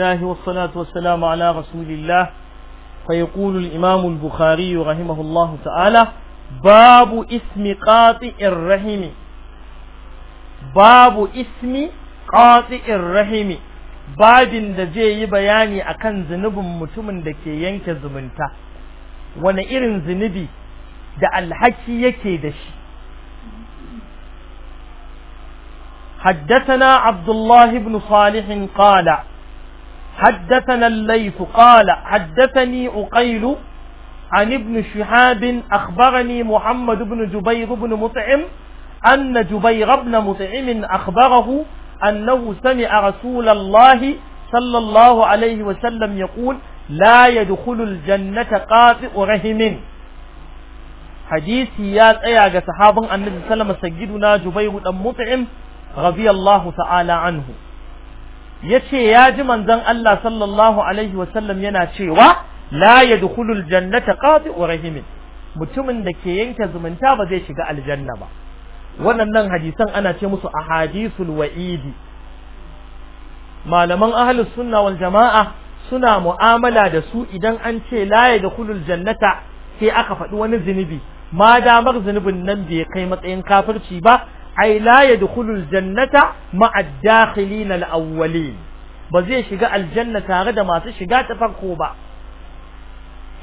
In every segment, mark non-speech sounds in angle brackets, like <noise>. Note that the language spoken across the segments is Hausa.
الله والصلاة والسلام على رسول الله فيقول الإمام البخاري رحمه الله تعالى باب اسم قاطئ الرحم باب اسم قاطئ الرحم babin da zai yi bayani akan zunubin mutumin da ke yanke zumunta wani irin zunubi da alhaki yake da shi حدثنا عبد الله بن صالح قال حدثنا الليث قال حدثني أقيل عن ابن شهاب أخبرني محمد بن جبير بن مطعم أن جبير بن مطعم أخبره أنه سمع رسول الله صلى الله عليه وسلم يقول لا يدخل الجنة قاطئ رحم حديثي يا تأيى صحابا النبي صلى الله عليه وسلم سجدنا جبير بن مطعم رضي الله تعالى عنه yace ya ji manzon Allah sallallahu alaihi wasallam yana cewa la yadkhulul jannata qati'u rahimin mutumin da ke yanke zumunta ba zai shiga aljanna ba waɗannan hadisan ana ce musu ahadisul wa'idi malaman ahlus sunna wal jama'a suna mu'amala da su idan an ce la yadkhulul jannata sai aka faɗi wani zunubi ma damar zunubin nan bai kai matsayin kafirci ba ai la yadkhulul jannata ma'ad dakhilin al-awwalin ba zai shiga aljanna tare da masu shiga ta farko ba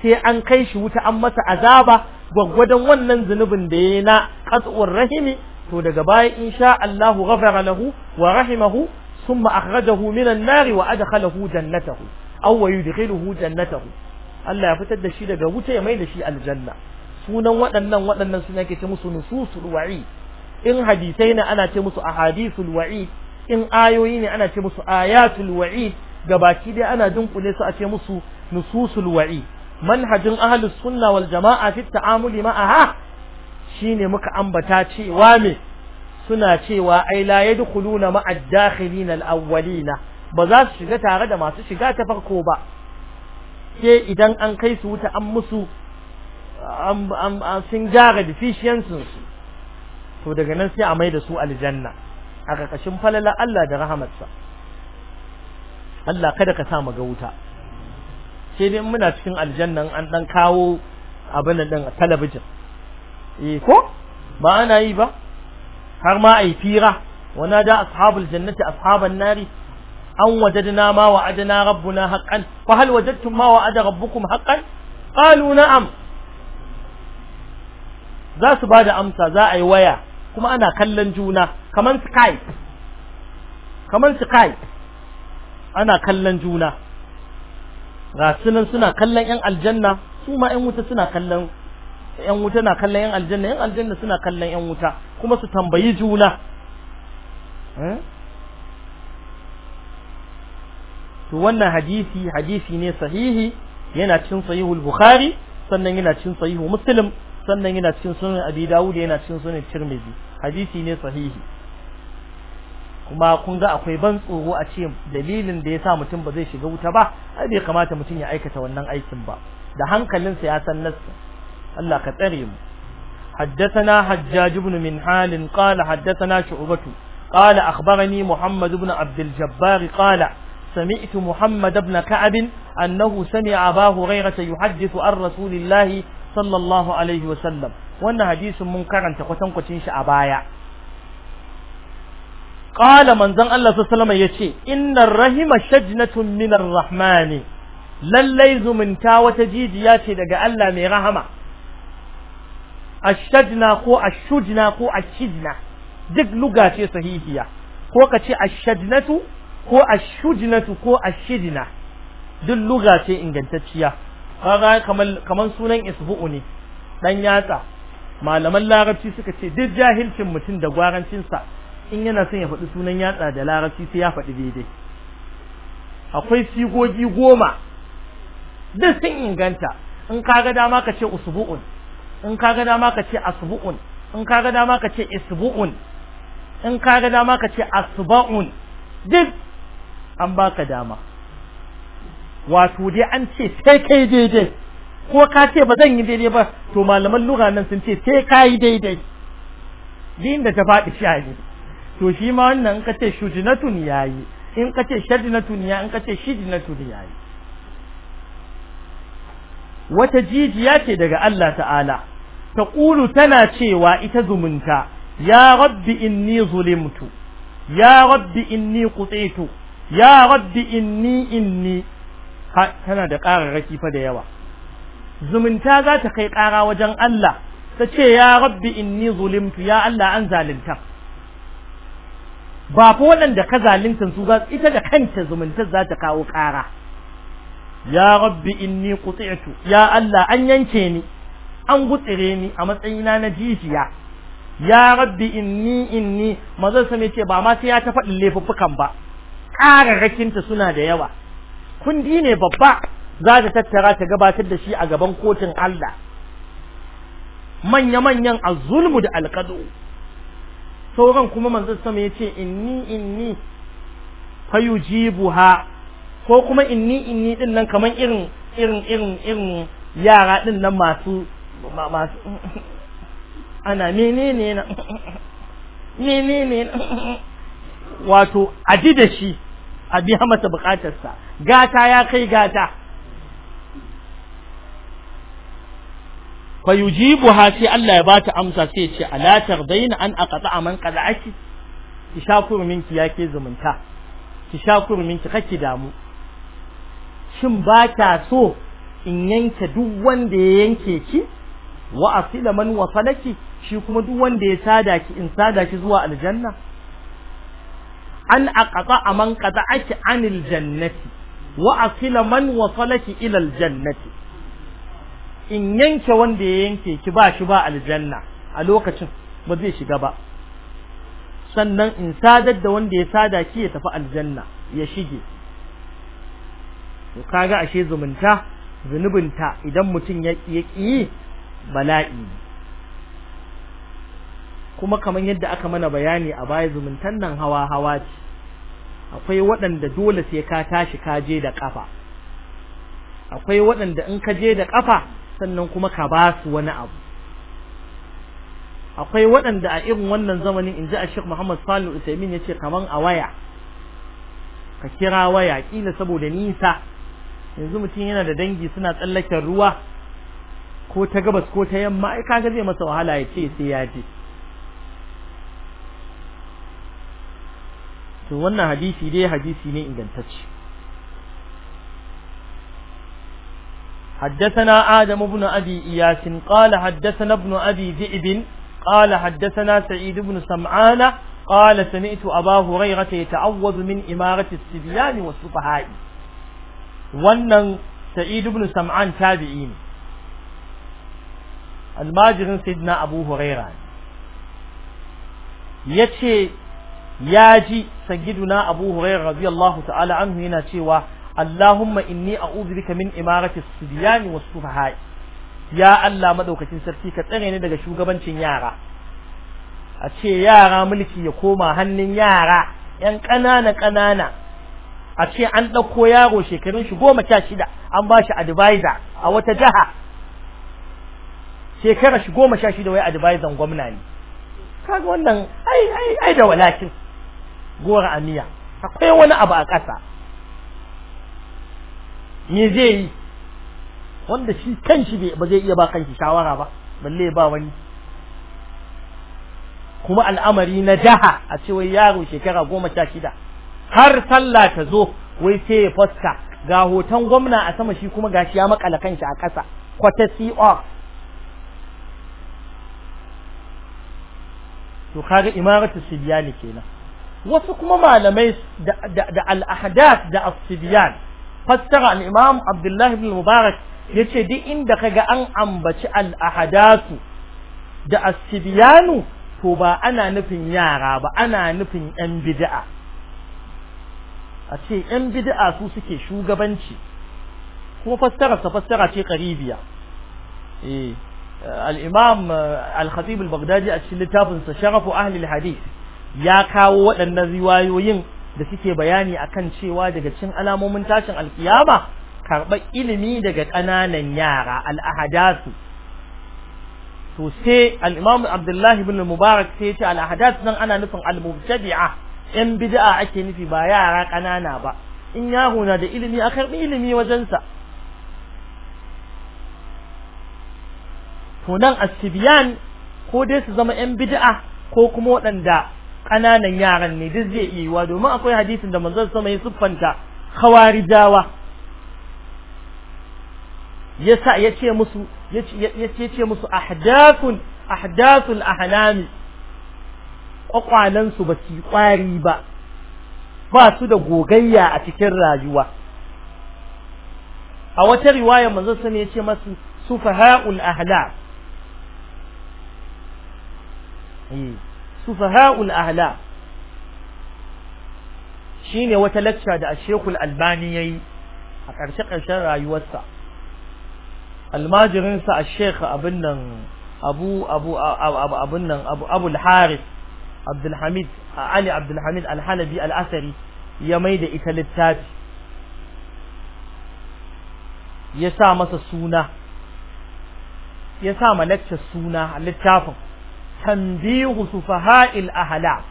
sai an kai shi wuta an masa azaba gwaggwadon wannan zunubin da yayi na qat'ur rahimi to daga baya insha Allah ghafara lahu wa rahimahu ثم أخرجه من النار وأدخله جنته أو يدخله جنته Allah ya fitar da shi daga wuta ya mai da shi aljanna sunan waɗannan waɗannan suna ke ce musu nususul wa'i in hadisai ne ana ce musu ahadithul wa'id in ayoyi ne ana ce musu ayatul wa'id gabaki dai ana dunkule su a ce musu nususul wa'id manhajin ahlus sunna wal jama'a fi ta'amuli ma'aha shine muka ambata cewa me suna cewa ai la yadkhuluna ma'ad dakhilin al awwalina ba za su shiga tare da masu shiga ta farko ba sai idan an kai su wuta an musu an sun gyara deficiencies su to daga nan sai a mai da su aljanna a ƙarƙashin falala Allah da rahamarsa Allah kada ka sa mu ga wuta sai dai muna cikin aljanna an dan kawo abin nan a talabijin eh ko ba ana yi ba har ma ai fira wana da ashabul jannati ashaban nari an wajadna ma wa'adna rabbuna haqqan fa hal wajadtum ma wa'ada rabbukum haqqan qalu na'am za su bada amsa za a yi waya kuma ana kallon juna kaman Skype kaman Skype ana kallon juna ga sunan suna kallon yan aljanna su ma yan wuta suna kallon yan wuta na kallon yan aljanna yan aljanna suna kallon yan wuta kuma su tambayi juna eh? to wannan hadisi hadisi ne sahihi yana cin sahihul bukhari sannan yana cin sahihu muslim sannan yana cikin sunan abi dawud yana cikin sunan tirmidhi hadisi ne sahihi kuma kun ga akwai ban tsoro a ce dalilin da yasa mutum ba zai shiga wuta ba ai bai kamata mutum ya aikata wannan aikin ba da hankalinsa ya san nasa Allah ka tsare mu حدثنا حجاج بن منحال قال حدثنا شعبة قال أخبرني محمد بن عبد الجبار قال سمعت محمد بن كعب أنه سمع أبا هريرة يحدث عن رسول الله sallallahu alaihi wasallam wannan hadisin mun karanta kwatankwacin shi a baya qala manzon Allah sallallahu alaihi yace innar rahima shajnatun minar rahmani lallai zumunta wata jijiya ce daga Allah mai rahama ashadna ko ashujna ko ashidna duk luga ce sahihiya ko ka ce ashadnatu ko ashujnatu ko ashijna duk luga ce ingantacciya kaga kamar kamar sunan isbu'u ne dan yatsa malaman larabci suka ce duk jahilcin mutum da gwarancin sa in yana son ya faɗi sunan yatsa da larabci sai ya faɗi daidai akwai sigogi goma duk sun inganta in kaga dama ka ce usbu'un in kaga dama ka ce asbu'un in kaga dama ka ce isbu'un in kaga dama ka ce asba'un duk an baka dama wato dai an ce sai kai daidai ko ka ce ba zan yi daidai ba to malaman lura nan sun ce sai ka yi daidai din da ta faɗi shi ne to shi ma wannan in ka ce shujinatun yi in ka ce shadinatun yayi in ka ce ya yi. wata jijiya ce daga Allah ta'ala ta ƙulu tana cewa ita zumunta ya rabbi inni zulimtu ya rabbi inni qutsitu ya rabbi inni inni tana da ƙararraki fa da yawa zumunta za ta kai ƙara wajen Allah ta ce ya rabbi inni zulimtu ya Allah an zalunta ba fa waɗanda ka zalunta su ga ita da kanta zumunta za ta kawo ƙara ya rabbi inni quti'tu ya Allah an yanke ni an gutsire ni a matsayina na jijiya ya rabbi inni inni mazan sa ce ba ma sai ya ta faɗin laifuffukan ba ƙararrakinta suna da yawa kundi ne babba za ta tattara ta gabatar da shi a gaban kotun Allah manya-manyan azulmu da alkado sauran kuma manzan sama ya ce inni inni fayujibuha ko kuma inni inni din nan kaman irin irin irin irin yara din nan masu masu <laughs> ana menene na <laughs> menene <laughs> wato aji da shi a biya masa bukatarsa gata ya kai gata fa yujibu ha sai Allah ya bata amsa sai ce ala tardaina an aqata man qada'aki ki shakuru minki yake zumunta ki shakuru minki kake damu shin ba ta so in yanke duk wanda ya yanke ki wa asila man wasalaki shi kuma duk wanda ya sada ki in sada ki zuwa aljanna an aqata man ake anil jannati wa asila man wasalaki ila aljannati in yanke wanda ya yanke ki ba shi ba aljanna a lokacin ba zai shiga ba sannan in sadar da wanda ya sada ki ya tafi aljanna ya shige to kaga ashe zumunta zunubinta idan mutum ya ƙi bala'i kuma kamar yadda aka mana bayani a baya zumuntan nan hawa hawa ce akwai waɗanda dole sai ka tashi ka je da ƙafa akwai waɗanda in ka je da ƙafa sannan kuma ka ba su wani abu akwai waɗanda a irin wannan zamanin in ji a Sheikh Muhammad Salihu Usaimin ya ce kaman a waya ka kira waya ƙila saboda nisa yanzu mutum yana da dangi suna tsallaken ruwa ko ta gabas ko ta yamma ai kaga zai masa wahala ya ce sai ya je to wannan hadisi dai hadisi ne ingantacce حدثنا آدم بن أبي إياس قال حدثنا ابن أبي ذئب قال حدثنا سعيد بن سمعان قال سمعت أبا هريرة يتعوذ من إمارة السبيان والسفهاء wannan سعيد بن سمعان تابعين الماجرين سيدنا أبو هريرة yace ya ji sayyiduna abu hurairah radiyallahu ta'ala anhu yana cewa allahumma inni a'udhu bika min imarati as wasu was-sufaha ya Allah madaukakin sarki ka tsare ni daga shugabancin yara a ce yara mulki ya koma hannun yara yan ƙanana ƙanana a ce an ɗauko yaro shekarun shi goma an ba shi a wata jiha Shekara shi goma wai adviser gwamna ne kaga wannan ai ai ai da walakin gora a miya akwai wani abu a ƙasa me zai yi wanda shi kanshi ba zai iya ba kanshi shawara ba balle ba wani kuma al'amari na jaha a cewa yaro shekara goma sha shida har sallah ta zo wai sai ya fasta ga hoton gwamna a sama shi kuma ga gashi ya makala kanshi a ƙasa kwata co to kaga imaratu sibiyani kenan wasu kuma malamai da al'ahadat da asibiyan fassara al'imam abdullahi bin mubarak ya ce duk inda kaga an ambaci al'ahadatu da asibiyanu to ba ana nufin yara ba ana nufin ‘yan bida'a a ce ‘yan bida'a su suke shugabanci kuma sa fassara ce ƙaribiya eh, al'imam al-khatib al-baghdadi a cikin littafinsa sharafu ahlil hadith ya kawo waɗannan riwayoyin da suke bayani akan cewa daga cin alamomin tashin alkiyama karɓar ilimi daga ƙananan yara al'ahadasu to sai al'imamu abdullahi bin mubarak sai ya ce al'ahadasu nan ana nufin al yan bid'a ake nufi ba yara ƙanana ba in yaro na da ilimi a karɓi ilimi wajensa to nan asibiyan ko dai su zama yan bid'a ko kuma waɗanda ƙananan yaran ne duk zai iya yiwa domin akwai hadisin da manzon sama ya siffanta khawarijawa yasa yace musu yace yace musu ahdathun ahdathul ahlami kwakwalan su ba su kwari ba ba su da gogayya a cikin rayuwa a wata riwaya manzon sama yace masu sufaha'ul ahlam eh. sufaha'ul ahla shine wata lacca da Sheikhul Albani yayi a ƙarshe ƙarshen rayuwarsa almajirin sa Sheikh abin nan Abu Abu Abu Abu Abu al Abdul Hamid Ali Abdul Hamid Al-Halabi al ya maida ita littafi ya sa masa suna ya sa ma lecture suna littafin تنبيه سفهاء الأهلاف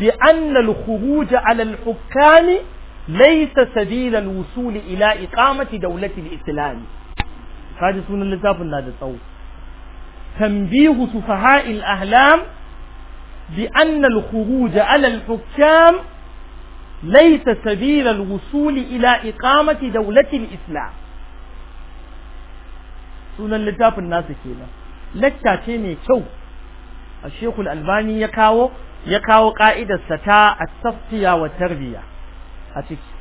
بأن الخروج على الحكام ليس سبيل الوصول إلى إقامة دولة الإسلام هذا سنة اللتاف هذا الصوت تنبيه سفهاء الأهلام بأن الخروج على الحكام ليس سبيل الوصول إلى إقامة دولة الإسلام سنة اللتاف الناس كينا lacca ce mai kyau a shekul albani ya kawo ya kawo ka'idarsa ta asaftiya wa tarbiya a ciki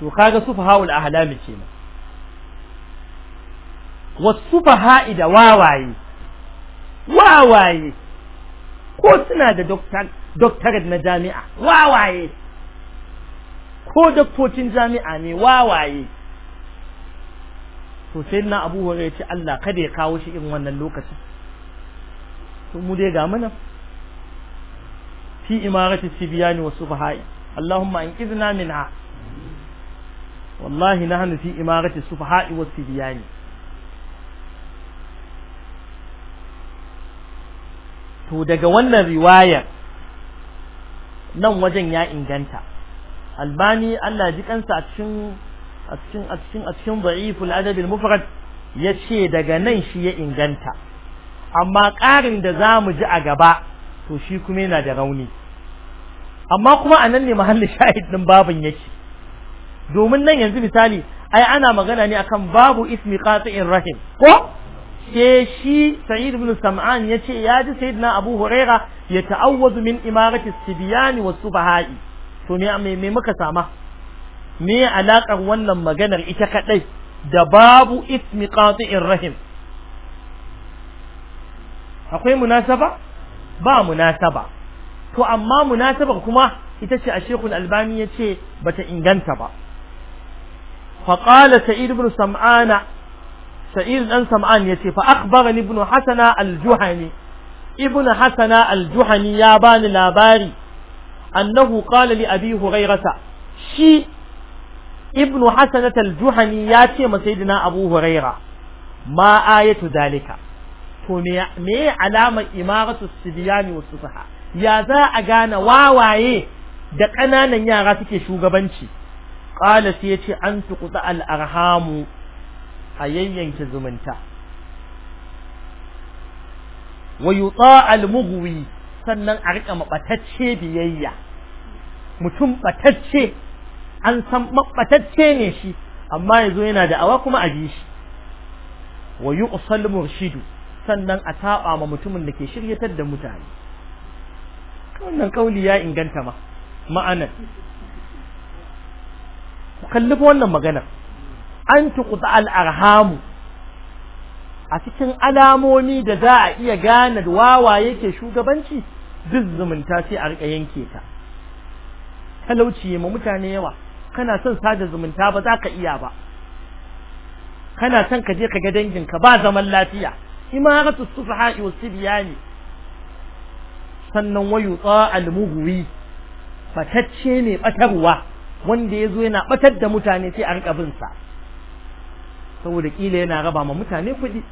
to kaga sufaha'ul ahlami kenan wasu da wawaye wawaye ko suna da doctorate na jami'a wawaye ko daktocin jami'a ne wawaye to sai na abu ya ce Allah kada ya kawo shi irin wannan lokacin to mu dai ga mana fi imarati sibiyani wa subhai Allahumma anqidna minha wallahi na nahnu fi imarati subhai wa sibiyani to daga wannan riwayar nan wajen ya inganta albani Allah ji kansa a cikin a cikin a cikin a cikin da'iful adab al-mufrad yace daga nan shi ya inganta amma ƙarin da zamu ji a gaba to shi kuma yana da rauni amma kuma anan ne mahallin <laughs> shahid din babin yake domin nan yanzu misali ai ana magana ne akan babu ismi qati'in rahim ko ke shi sa'id ibn sam'an yace ya ji sayyidina abu huraira ya ta'awwazu min imarati sibyani was subahai to me me muka sama me alaƙar wannan maganar ita kadai da babu ismi qati'ir rahim akwai munasaba ba munasaba to amma munasabar kuma ita ce a shekul albani ya ce bata inganta ba faƙala sa'id sam'ana sa'id ɗan sam'an ya ce fa akhbarani ibn hasana aljuhani. juhani ibn hasana aljuhani ya bani labari annahu qala li abi hurairata shi ibnu hasanat al-juhani ya ce ma sayyidina abu huraira ma ayatu dalika to me me alamar imaratu sibyani wa sufaha ya za a gane wawaye da ƙananan yara suke shugabanci qala sai yace an tuqta al-arhamu a yayyanke zumunta wa yuta al-mughwi sannan a rika mabatacce biyayya mutum batacce an san mabbatacce ne shi amma yanzu yana da awa kuma a bi shi wa yuqsal murshidu sannan a taba ma mutumin da ke shiryatar da mutane wannan kauli ya inganta ma ma'anar ku kalli wannan magana an tuqta al arhamu a cikin alamomi da za a iya gane wawa yake shugabanci duk zumunta sai a rika yanke ta talauci ma mutane yawa kana son sada zumunta ba za ka iya ba kana son ka je ka ga dangin ka ba zaman lafiya imaratu sufaha yusibiyani sannan wayu al-mughwi fatacce ne batarwa wanda yazo yana batar da mutane sai a rika bin sa saboda kila yana raba ma mutane kuɗi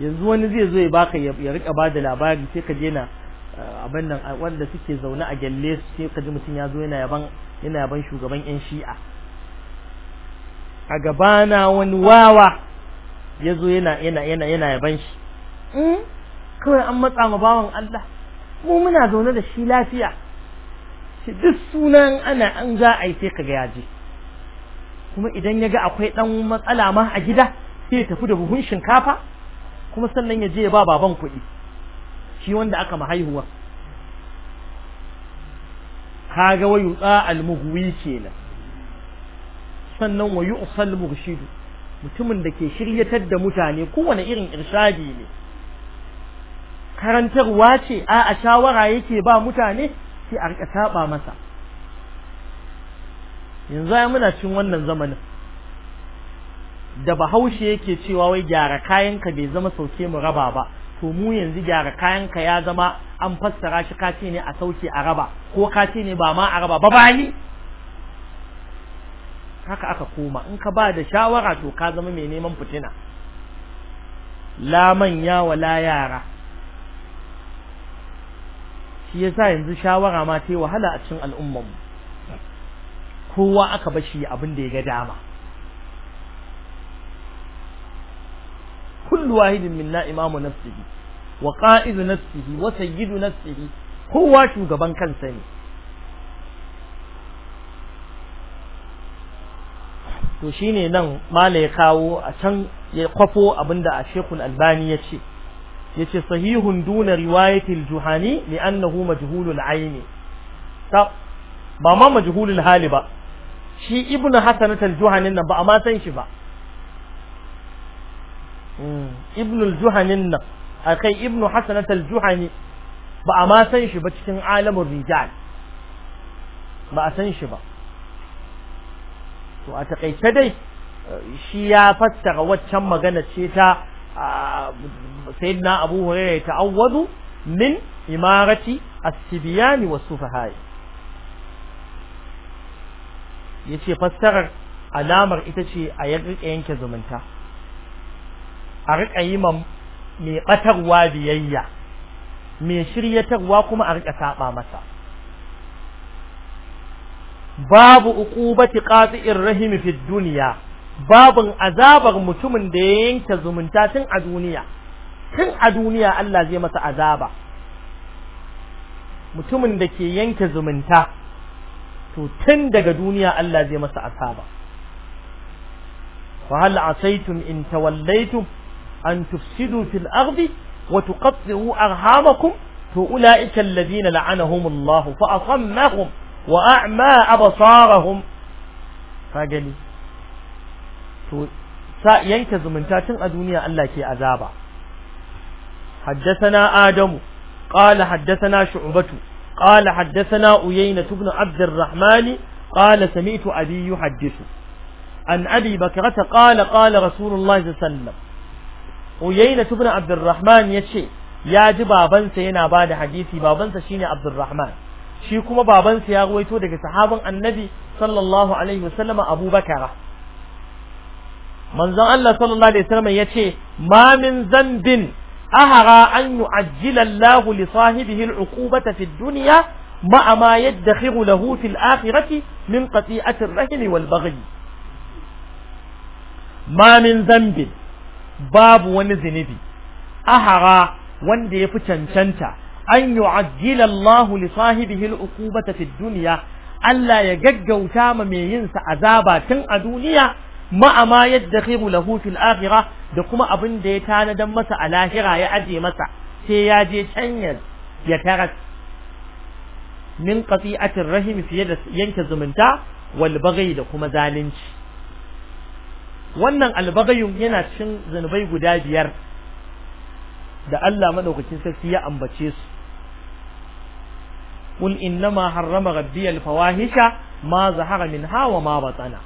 yanzu wani zai zo ya baka ya rika bada labari sai ka je na abin nan wanda suke zaune a gyalle sai kaji mutum ya zo yana yaban yana yaban shugaban yan shi'a a gabana wani wawa ya zo yana yana yana yana yaban shi hmm? kawai an matsa ma bawan Allah mu muna zaune da shi lafiya shi duk sunan ana an za a yi sai kaga ya je kuma idan ya ga akwai dan matsala ma a gida sai ya tafi da buhun shinkafa kuma sannan ya je ya ba baban kuɗi shi wanda aka mahaihuwa kaga wayu da almughwi kenan sannan wayu yu'sal mughshidu mutumin da ke shiryatar da mutane kowane irin irshadi ne karantarwa ce a a shawara yake ba mutane sai a rika saba masa yanzu ai muna cin wannan zamanin da bahaushe yake cewa wai gyara kayanka bai zama sauke mu raba ba to mu yanzu gyara kayan ka ya zama an fassara shi ka ne a sauke a raba ko ka ne ba ma a raba ba bani haka aka koma in ka ba da shawara to ka zama mai neman fitina la manya wa la yara shi yasa yanzu shawara ma ta yi wahala a cikin al'ummar mu kowa aka bashi abin da ya ga dama كل واحد منا إمام نفسه وقائد نفسه وسيد نفسه هو kowa shugaban kansa ne. to shine nan mala ya kawo a can ya kwafo abinda a Sheikhul Albani ya ce yace sahihun duna riwayatil juhani li'annahu majhulul ayni ta ba ma majhulul hali ba shi ibnu hasanat al-juhani nan ba amma san shi ba Mm. ibnul juhanin nan kai ibnu hasanat al-juhani ba a ma san shi ba cikin alamin rijal ba a san shi ba to a takaice dai shi ya fassara waccan magana ce ta sayyidina abu hurairah ya min imarati as-sibyani was-sufahai yace fassarar alamar ita ce a yanke zumunta a riƙa yi ma mai ɓatarwa biyayya mai shiryatarwa kuma a riƙa saba masa babu uqubati qati'ir rahim fi dunya babun azabar mutumin da ya yanke zumunta tun a duniya tun a duniya Allah zai masa azaba mutumin da ke yanke zumunta to tun daga duniya Allah zai masa azaba fa hal asaitum in tawallaitum أن تفسدوا في الأرض وتقطعوا أرحامكم فأولئك الذين لعنهم الله فأصمهم وأعمى أبصارهم فقالي yanke من tun a duniya كي أذابا حدثنا آدم قال حدثنا شعبة قال حدثنا أيينة بن عبد الرحمن قال سمعت أبي يحدث عن أبي بكرة قال قال رسول الله صلى الله عليه وسلم Uyayna ibn Abdurrahman yace ya ji babansa yana ba da hadisi babansa shine Abdurrahman shi kuma babansa ya ruwaito daga sahabin Annabi sallallahu alaihi wasallam Abu manzon Allah sallallahu alaihi wasallam yace ma min zambin ahara an yu'ajjila Allahu li sahibihi al'uqubata fid dunya ma'a ma yadkhiru lahu fil akhirati min qati'ati ar-rahim wal baghi ma min zambin babu wani zunubi ahara wanda ya fi cancanta an yu'ajjila Allah li sahibihi al-uqubata fi duniya. Allah ya gaggauta ma mai yin sa azaba tun a duniya ma'a ma yadkhiru lahu fil akhira da kuma abin da ya tanadan masa a lahira ya aje masa sai ya je can ya taras min qati'atir rahim fiye da yanke zumunta wal da kuma zalunci wannan albagayun yana cin zunubai guda biyar da Allah madaukakin sarki ya ambace su kul innama harrama rabbi alfawahisha ma zahara min hawa ma batana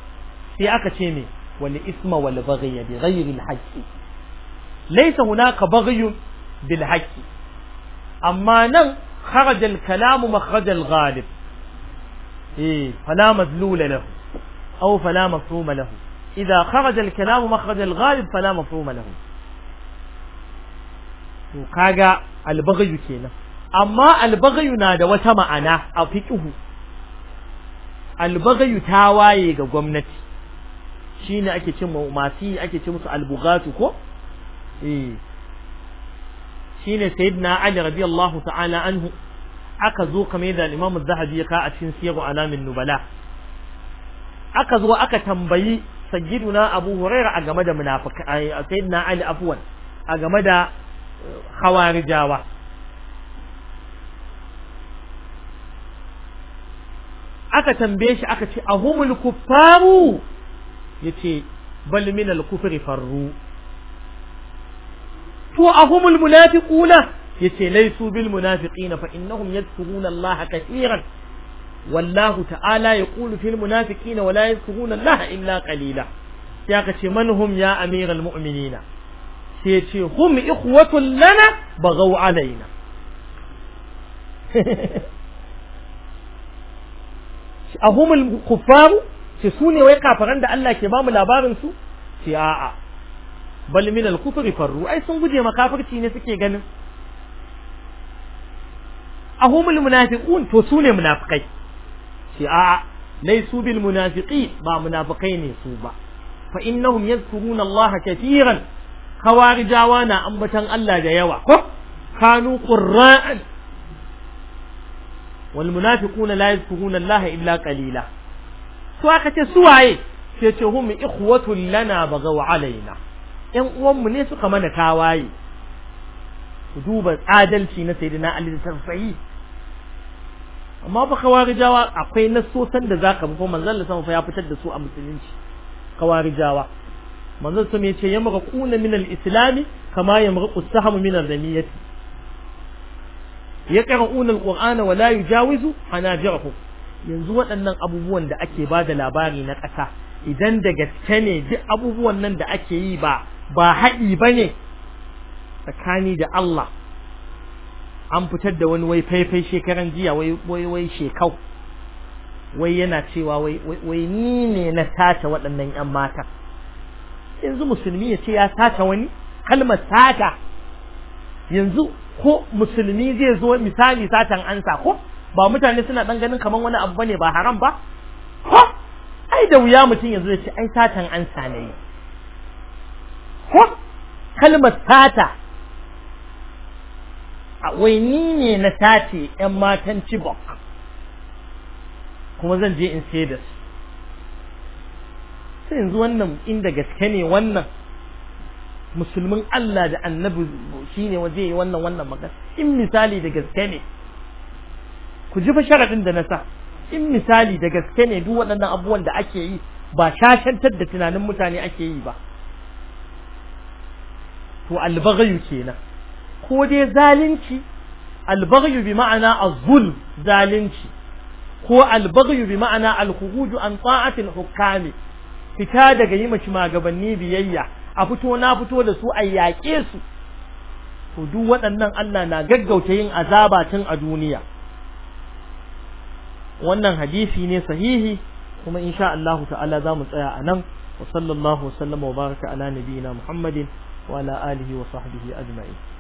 sai aka ce me wani isma wal baghy bi ghayri al haqq laysa hunaka baghy bil haqq amma nan kharaja galib. kalam makhraja al ghalib eh fala madlula lahu aw fala mafhuma lahu إذا خرج الكلام مخرج الغالب فلا مفهوم له to kaga albaghayu kenan amma albaghayu na da wata ma'ana a fiqhu albaghayu ta waye ga gwamnati shine ake cin masu ake cin musu albugatu ko eh shine sayyidina ali radiyallahu ta'ala anhu aka zo kamar da imam az-zahabi ya ka a cikin siyar alamin nubala aka zo aka tambayi sayyiduna abu huraira a game da munafika sayyidina ali afwan a game da eh, khawarijawa aka tambaye shi aka ce ahumul kuffaru yace bal min al kufri farru to ahumul munafiquna yace laysu bil munafiqina fa innahum yadhkuruna allaha katiran wallahu ta'ala ya qulu fil munafiqina wala yazkuruna Allah illa qalila sai aka ce manhum ya amiral mu'minina sai ce hum ikhwatul lana bagaw alaina ahumul <laughs> kuffaru ce su ne wai kafaran da Allah ke bamu mu labarin su ce a'a bal min al-kufri farru ai sun guje makafirci ne suke ganin ahumul munafiqun to su ne munafikai ce a'a laysu bil munafiqin ba munafikai ne su ba fa innahum yadhkuruna Allah katiran khawarijawa na ambatan Allah da yawa ko kanu qurra'an wal munafiquna la yadhkuruna Allah illa qalila su aka ce suwaye sai ce hum ikhwatul lana bagaw alaina ƴan uwanmu ne suka mana tawaye ku duba adalci na sayyidina Ali da amma fa kawarijawa akwai nasosan da zaka bi fa manzon Allah sama fa ya fitar da su a musulunci kawarijawa manzon sama ya ce yamraquna min al-islam kama yamraqu as min ar-ramiyati yaqra'una al-qur'ana wa la yujawizu hanajirahum yanzu waɗannan abubuwan da ake ba da labari na ƙasa idan da gaske ne duk abubuwan nan da ake yi ba ba haɗi ba ne tsakani da Allah an fitar da wani wai faifai shekaran jiya wai wai wai shekau wai yana cewa wai wai ni ne na tata waɗannan yan mata yanzu musulmi ya ce ya tata wani kalmar tata yanzu ko musulmi zai zo misali satan ansa ko ba mutane suna dan ganin kamar wani abu bane ba haram ba ko ai da wuya mutum yanzu ya ce ai satan ansa ne ko kalmar sata wai ni ne na tace yan matan Chibok kuma zan je in sai da su sai yanzu wannan inda gaske ne wannan musulmin Allah da annabi shi ne waje yi wannan wannan magana in misali da gaske ne ku ji fa sharaɗin da na sa in misali da gaske ne duk waɗannan abubuwan da ake yi ba shashantar da tunanin mutane ake yi ba to albaghayu kenan ko dai zalunci albaghyu bi ma'ana az zalunci ko albaghyu bi ma'ana al an ta'ati hukami fita daga yi mace magabanni biyayya a fito na fito da su a yaƙe su to duk waɗannan Allah na gaggauta yin azaba tun a duniya wannan hadisi ne sahihi kuma insha Allah ta'ala za mu tsaya a nan wa sallallahu wa sallama wa baraka ala nabiyina Muhammadin wa ala alihi wa sahbihi ajma'in